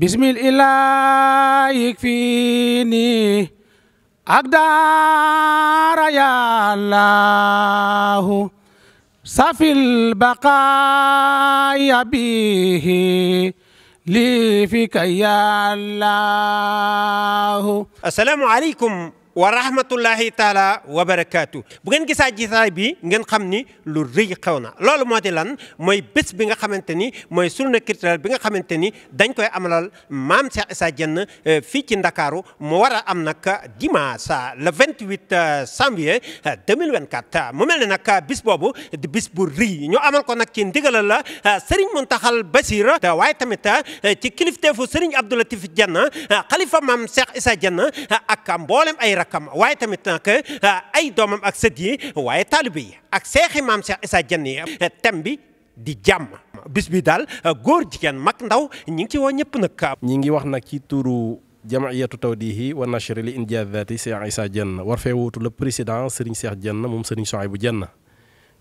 bismillah yakfini akdara ya allah safil baqaya bihi li fika ya allah assalamu alaykum wa rahmatullahi taala wa barakaatu bu ngeen gisaa gisaay bi ngeen xam ni lu rëy xew na loolu moo lan mooy bés bi nga xamante ni mooy journée culturelle bi nga xamante ni dañ koy amalal maam Cheikh Issa Diène euh, fii ci Ndakaaru mu war a am nag dimanche euh, le 28 euh, janvier 2024 mu mel ne nag bis boobu di bis bu rëy ñoo amal ko nag ci ndigalal la Serigne Mountakhal Bassir waaye tamit ci kilifteefu Serigne Abdou Latif Diène xalifa maam Cheikh Issa Diène ak mboolem ay rakkam waaye tamit nag ah, ah, ay doomam ak sët yi waaye taalibe yi ak seexi maam Cheikh Issa Dienne ah, thème bi di jàmm bis bi daal góor jigéen mag ndaw ñi ngi ci woo ñëpp nag ñi ngi wax nag ci turu jamaiyatu tawdihi wa nashri li injazati Cheikh Issa Dienne war fee wuutu le président Serigne seex Dienne moom Serigne Souhaïbou Dienne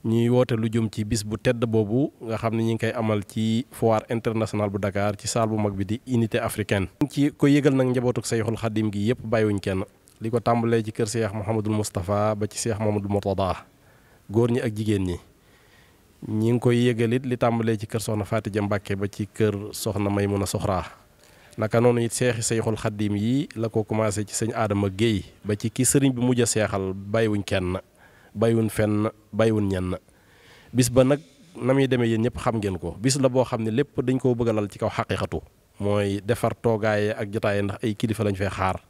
ñuy woote lu jëm ci bis bu tedd boobu nga xam ne ñi ngi koy amal ci foire internationale bu Dakar ci salle bu mag bi di unité africaine. ci ko yëgal nag njabootuk Sayxul Xadim gi yëpp li ko tàmbalee ci kër seex Mouhamadul Moustapha ba ci seex Mouhamadul Mourtada góor ñi ak jigéen ñi ñi ngi koy yëgalit li tàmbalee ci kër soxna Fatija Mbàkke ba ci kër soxna may a Soxraa naka noonu it seexi Seyxul Xaddim yi la ko commencé ci sëñ aadama géey ba ci ki sëriñ bi mujj a seexal baywuñ kenn bàyyiwuñ fenn bàyyiwuñ ñenn bis ba nag na muy demee yéen ñëpp xam ngeen ko bis la boo xam ne lépp dañ koo bëggalal ci kaw xaqiqatu mooy defar toogaay ak jotaay ndax ay kilifa lañu fay xaar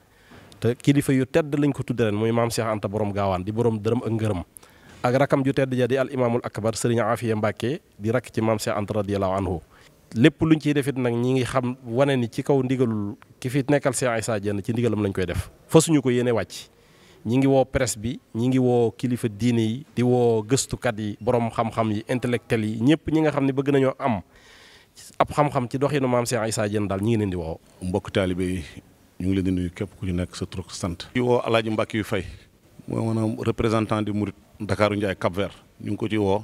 te kilifa yu tedd lañ ko tudde ren muy maam Cheikh Anta borom gaawaan di borom dërëm ak ngërëm ak rakam ju tedd ja di al imaamul akbar sëriñ Afiya Mbàkke di rakk ci maam Cheikh Anta radiyallahu anhu lépp lu luñ ciy defit nag ñi ngi xam wane ni ci kaw ndigalul ki fi nekkal Cheikh Issa Diène ci ndigalam lañ koy def fasuñu ko yéene wàcc ñi ngi woo presse bi ñi ngi woo kilifa diine yi di woo gëstukat yi borom xam-xam yi intellectuel yi ñëpp ñi nga xam ne bëgg nañoo am ab xam ci doxinu maam Cheikh Issa daal ñi ngi leen di woo mbokk taalibe ñu ngi leen di nuyu képp ku ci nekk sa tur ak sant. di woo El Hadj Mbacke yu fay moo maanaam représentant du Mouride Dakar Ndiaye Cap Vert ñu ngi ko ci woo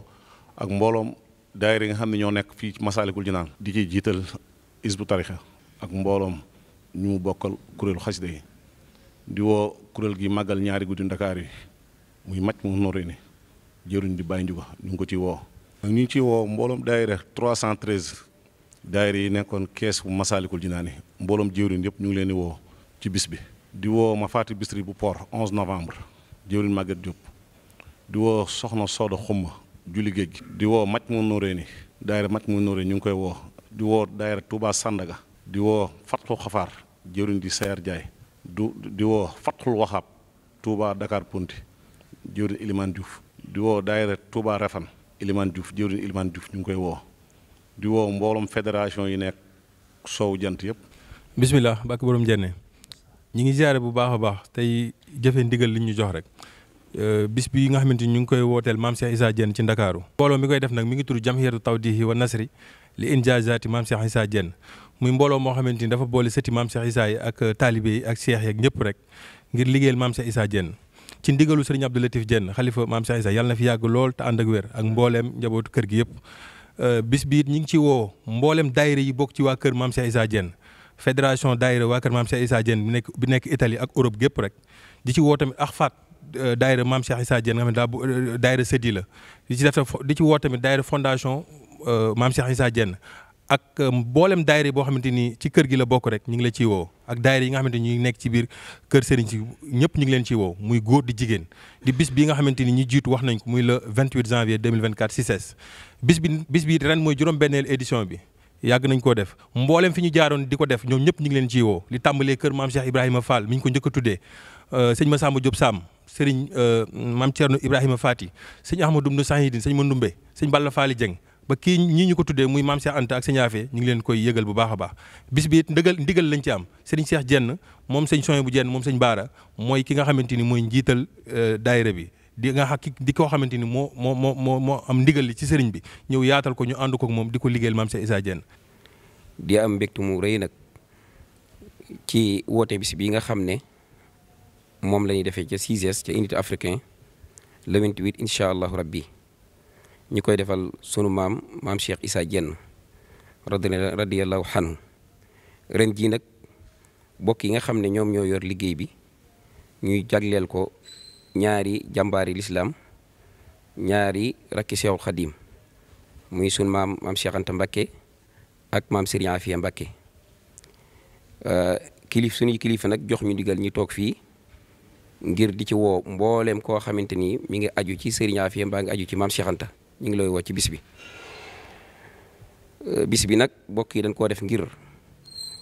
ak mbooloom daayira yi nga xam ne ñoo nekk fii ci Masaalikul Jinaan di ci jiital isbu tarixa ak mbooloom ñu bokkal kuréelu xasida di woo kuréel gi màggal ñaari guddi Dakar yi muy màcc mu nooree ni jëruñ di bàyyi njuga ñu ngi ko ci woo. ñu ngi ciy woo mbooloom daayira 313 daayira yi nekkoon kees bu Masaalikul Jinaan yi mbooloom jëruñ yëpp ñu ngi leen di woo. ci bis bi di woo ma faati Bichri bu port 11 novembre jëwriñ Maguette Diop di woo soxna Soda Xumma julli géej gi di woo maj mu nóoree ni daayira maj mu nóoree ñu ngi koy woo di woo daayira Touba Sandaga di woo Fatxul Xafaar jëwriñ di Sayar Jaay du di woo Fatxul Waxaab Touba Dakar di woo daayira Touba Refan Iliman Diouf jëwriñ Iliman ñu ngi koy woo di woo mbooloom fédération yi nekk soow jant yëpp bismillah bàkk borom jenne ñu ngi ziare bu baax a baax tey jëfe ndigal li ñu jox rek euh, bis bi nga xamante ni ñu ngi koy wooteel maam Cheikh Issa Diène ci ndakaaru mbooloo mi koy def nag mi ngi tudd Jamhiyatu Tawdihi wa Nasri li injaazaati maam Cheikh Issa Diène muy mbooloo moo xamante ni dafa boole sëti maam Cheikh ak euh, taalibe ak seex yeeg ñëpp rek ngir liggéeyal maam Cheikh ci ndigalu sëriñ Abdou Latif Diène xalifa maam Cheikh Issa yàlla na fi yàgg lool te ànd ak wér ak mbooleem njabootu kër gi yëpp euh, bis bi it ñi ngi ci woo mbooleem daayira yi bokk ci waa kër maam Cheikh Issa Diène fédération daayira waa kër maam Cheikh Issa Diène bi nekk nekk Italie ak Europe gépp rek di ci woo tamit axfaat euh, daayira maam Cheikh Issa Diène nga xam ne daa bu euh, daayira sëddi la di ci di ci woo tamit daayira fondation euh, maam Cheikh Issa Diène ak mboolem daayira boo xamante ni ci kër gi la bokk rek ñu ngi la ciy woo ak daayira yi nga xamante ni ñu nekk ci biir kër sëriñ si ñëpp ñu ngi leen ciy woo muy góor di jigéen di bis bi nga xamante ni jiitu wax nañ ko muy le 28 janvier 2024 ci CICES bis mooy juróom-benneel édition bi yàgg nañ koo def mboolem fi ñu jaaroon di ko def ñoom ñëpp ñu ngi leen ci woo li tàmbalee kër maam Cheikh Ibrahima Fall mi ñu ko njëkk a tuddee euh, sëñ Massamba Diop Sam sëriñ euh, maam Thierno Ibrahima Fati sëñ Ahmadou Ndoumbe Sahidine sëñ Mandoumbe sëñ Balla Faali Dieng ba kii ñii ñu ko tuddee muy maam Cheikh Anta ak sëñ ñu ngi leen koy yëgal bu baax a baax bis bi ndigal ndigal lañ ci am sëriñ Cheikh Jenn moom sëñ Soñ bu Jenn moom sëñ Baara mooy ki nga xamante ni mooy njiital euh, daayira bi di nga di koo xamante ni moo moo moo moo moo am ndigal li ci sëriñ bi ñëw yaatal ko ñu ànd ko ak moom di ko liggéeyal maam Cheikh Issa Diène di am mbégte mu rëy nag ci woote bis bi nga xam ne moom la ñuy defee ca 6S ca unité africain le 28 incha allahu rabbi ñi koy defal sunu maam maam Cheikh Issa Diène radiyallahu anhu ren jii nag bokk yi nga xam ne ñoom ñoo yor liggéey bi ñuy jagleel ko ñaari jàmbaari lislaam ñaari rakki Seexul Xadiim muy sun maam maam Cheikh Anta Mbakke ak maam Serigne Afia Mbakke euh, kilif suñuy kilifa nag jox ñu digal ñu toog fii ngir di ci woo mboolem koo xamante ni mi ngi aju ci Serigne Afia mbaa ngi aju ci maam Cheikh Anta ñu ngi lay woo ci bisbi euh, bis bi nag mbokk yi dañ koo def ngir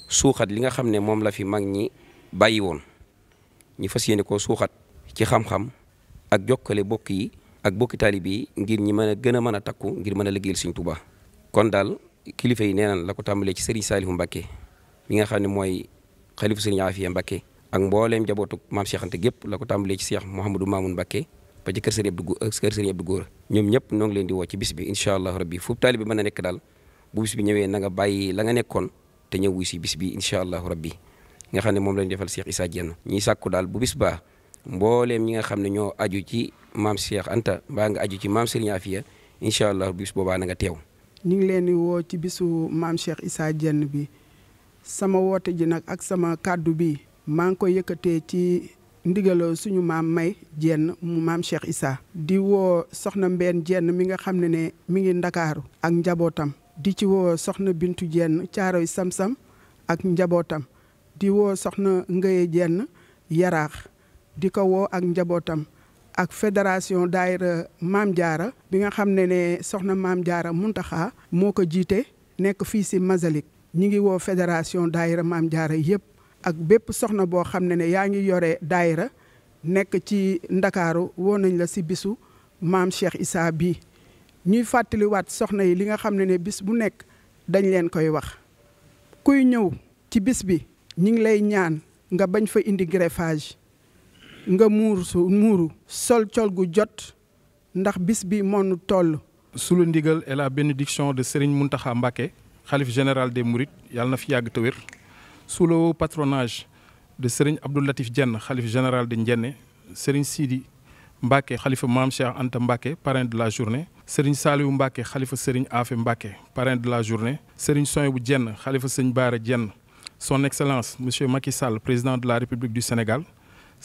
suuxat li nga xam ne moom la fi mag ñi bàyyi woon ñu fas yéene koo suuxat. ci xam-xam ak jokkale bokk yi ak bokki taalibe yi ngir ñi mën a gën a mën a takku ngir mën a liggéeyal Sëriñ Tuubaa kon daal kilifa yi nee nan la ko tàmbalee ci Serigne Saliou Mbacké mi nga xam ne mooy xalifu Serigne Afia Mbacké ak mbooleem jabootu maam Cheikh Anta la ko tàmbalee ci Cheikh Mouhamadou Mamoun Mbacké ba ci kër Serigne Abdou kër Serigne ñoom ñëpp noo ngi leen di woo ci bis bi incha allah rabbi fu taalibe mën a nekk daal bu bi ñëwee na nga bàyyi la nga nekkoon te ñëw wuy si bis bi incha allah rabbi nga xam ne moom lañ defal Cheikh Issa Diène ñiy sàkku daal bu bis baa mbooleem ñi nga xam ne ñoo aju ci maam Cheikh Anta mbaa nga aju ci maam Serigne Afia incha allah bis boobaa na nga teew. ñu ngi leen di woo ci bisu maam Cheikh Issa bi sama woote ji nag ak sama kàddu bi maa ngi koy yëkkatee ci ndigaloo suñu maam May Diène maam Cheikh Issa. di woo soxna Mbène jenn mi nga xam ne ne mi ngi ndakaaru ak njabootam. di ci woo soxna Bintu Diène caaroy Samsam ak njabootam di woo soxna Ngëye jenn yaraax. di ko woo ak njabootam ak fédération daayira Maam Jaara bi nga xam ne ne soxna Maam Jaara Muntaxa moo ko jiite nekk fii si Masalik ñi ngi woo fédération daayira Maam Jaara yëpp ak bépp soxna boo xam ne ne yaa ngi yore daayira nekk ci Ndakaaru woo nañ la si bisu maam Cheikh isaa bi ñuy fàttaliwaat soxna yi li nga xam ne ne bis bu nekk dañ leen koy wax kuy ñëw ci bis bi ñu ngi lay ñaan nga bañ fa indi greffage nga muur su muuru sol col gu jot ndax bis bi moonu toll sous ndigal et la bénédiction de Serigne Mountakha Mbacké xalif général des Mourides yàlla na fi yàgg te wér patronage de Serigne Abdou Latif Diène xalif général de Ndiéné Serigne Sidi Mbacké xalifa Maam Cheikh Anta Mbacké parrain de la journée Serigne Saliou Mbacké xalifa Serigne Afé Mbacké parrain de la journée Serigne bu Diène xalifa Serigne Bara Diène son excellence monsieur Macky Sall président de la République du Sénégal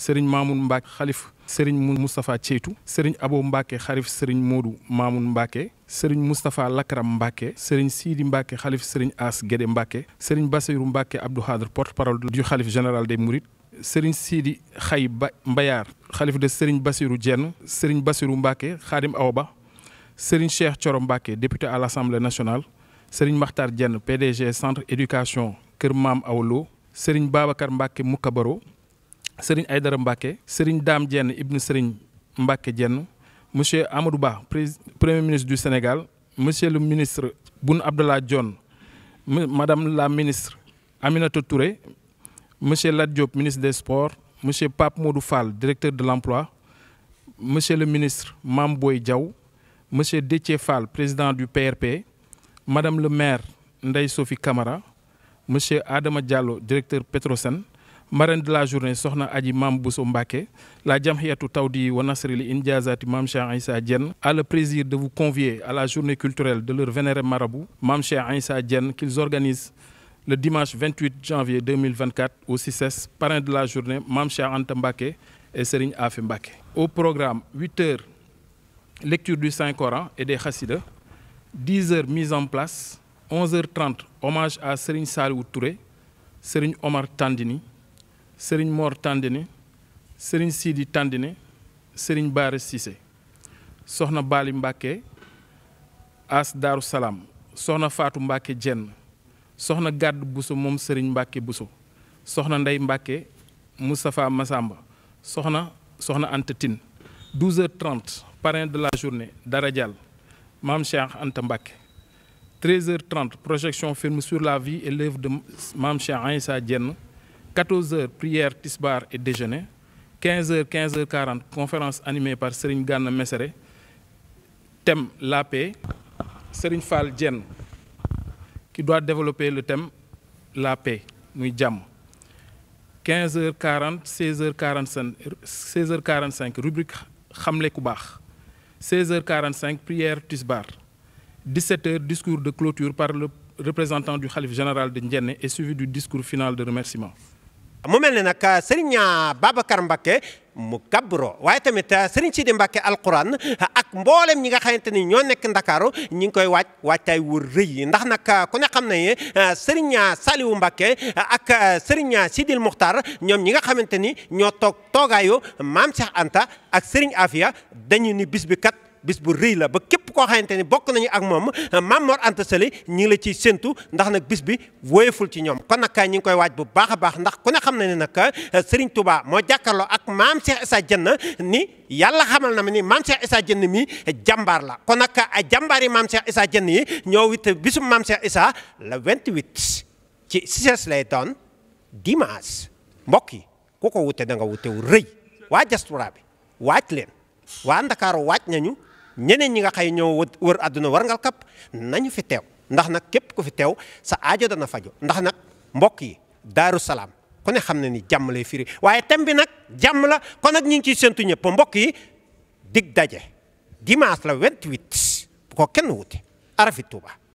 sëriñ Mamoun Mbacke xalif sëriñ Moustapha Ceytu sëriñ Abo Mbacke xalif sëriñ Modou Mamoun Mbacke sëriñ Moustapha Lakram Mbacke sëriñ Sidi Mbacke xalif sëriñ As Guédé Mbacke sëriñ Bassirou Mbacke Abdou Khadre porte du xalif général des Mourides. sëriñ Sidi Xay ba Mbayaar xalif de sëriñ Bassirou Dieng sëriñ Bassirou Mbacke Xaadim Awba sëriñ Cheikh Thioro Mbacke député à l'Assemblée nationale sëriñ Makhtar Dieng PDG centre éducation Kër Maam Awlo sëriñ Babacar Mbacke sëriñ Aydara Mbacke sëriñ daam Dieng ibnu sëriñ Mbacke Dieng monsieur Amadou Ba premier ministre du Sénégal monsieur le ministre Boun Abdallah Dionne madame la ministre Aminata Touré monsieur Lat Diop ministre des sports monsieur Pape Modou Fall directeur de l'emploi monsieur le ministre Mame Boye Diaw monsieur Déthié Fall président du PRP madame le maire Ndeye Sophie Camara monsieur Adama Diallo directeur Petrosen marine de la journée soxna aji maam Bousso Mbacke la jamhiyatu tawdi wa nasri li injazati maam Cheikh Issa Diène à le plaisir de vous convier à la journée culturelle de leur vénéré marabout maam Cheikh Issa Diène qu'ils organisent le dimanche 28 janvier 2024 au CICES e parrain de la journée maam Cheikh Anta Mbacke et Serigne Afi Mbacke au programme 8 heures lecture du Saint-Coran et des Khassidas 10 heures mise en place 11 h omage à Serigne Saliou Touré Serigne Omar sëriñ Mor Tandine sëriñ Sidi Tandine sëriñ Baara Cissé soxna Bali Mbacke as Daaru Salaam soxna Faatu Mbacke Jenn soxna Gàdd Bousso moom sëriñ Mbacke Bousso soxna Ndey Mbacke Moustapha masamba soxna soxna Anta Tine 12h30 de la journée Dara Dial Maam Cheikh Anta Mbacke 13h30 projection film sur la vie et l'œuvre de Maam Cheikh Aïssa Diène 14 heures prière tisbar et déjeuner 15 heures 15 heures 40 conférence animée par Serigne Gana Messere thème la paix Serigne Fall Dieng qui doit développer le tem la paix muy jàmm 15 heures 40 16 heures 45 16 heures 45 rubrique xamle ku baax 16 heures 45 prière tisbar 17 heures discours de clôture par le représentant du khalife général de jenne et suivi du discours final de remerciement mu mel ne nag ah, sëriñ ah, Babacar Mbacke mu kabbro waaye tamit ah, sëriñ Sidi Mbacke alquran ak mboolem ñi nga xamante ni ñoo nekk ndakaaru ñi ngi koy waaj waajtaay wu rëy ndax nag ku ne xam ne sëriñ Saliou Mbacke ak sëriñ Sidil Muxtar ñoom ñi nga xamante ni ñoo toog toogaayu maam Cheikh Anta ak sëriñ Afia dañu ni bis kat. bis bu rëy la ba képp koo xamante ni bokk nañu ak moom ah, Mame Mor Anta Saly ngi la ciy séntu ndax nag bis bi woyeful ci ñoom kon nag kaay ñi ngi koy waaj bu baax a baax ndax ku ne xam na ne nag ah, Serigne Touba moo jàkkarloo ak maam Cheikh Issa Dienne ni yàlla xamal na ma ni maam Cheikh Issa jën mi jàmbaar la kon nag ay ah, jàmbaar yi maam Cheikh Issa Dienne yi ñoo witt bisum maam Cheikh Issa le 28 ci Cissés lay doon dimanche mbokk yi ku ko wute da nga wute wu rëy waa diaspora bi waaj leen waa Ndakaaru waaj nañu. ñeneen ñi nga xay ñoo wër àdduna war ngal kapp nañu fi teew ndax nag képp ku fi teew sa aajo dana fajo ndax nag mbokk yi daaru salaam ku ne xam na ni jàmm lay firi waaye thème bi nag jàmm la kon nag ñu ngi ciy séntu ñëpp mbokk yi dig daje dimanche la 28 bu ko kenn wuti arafi Touba.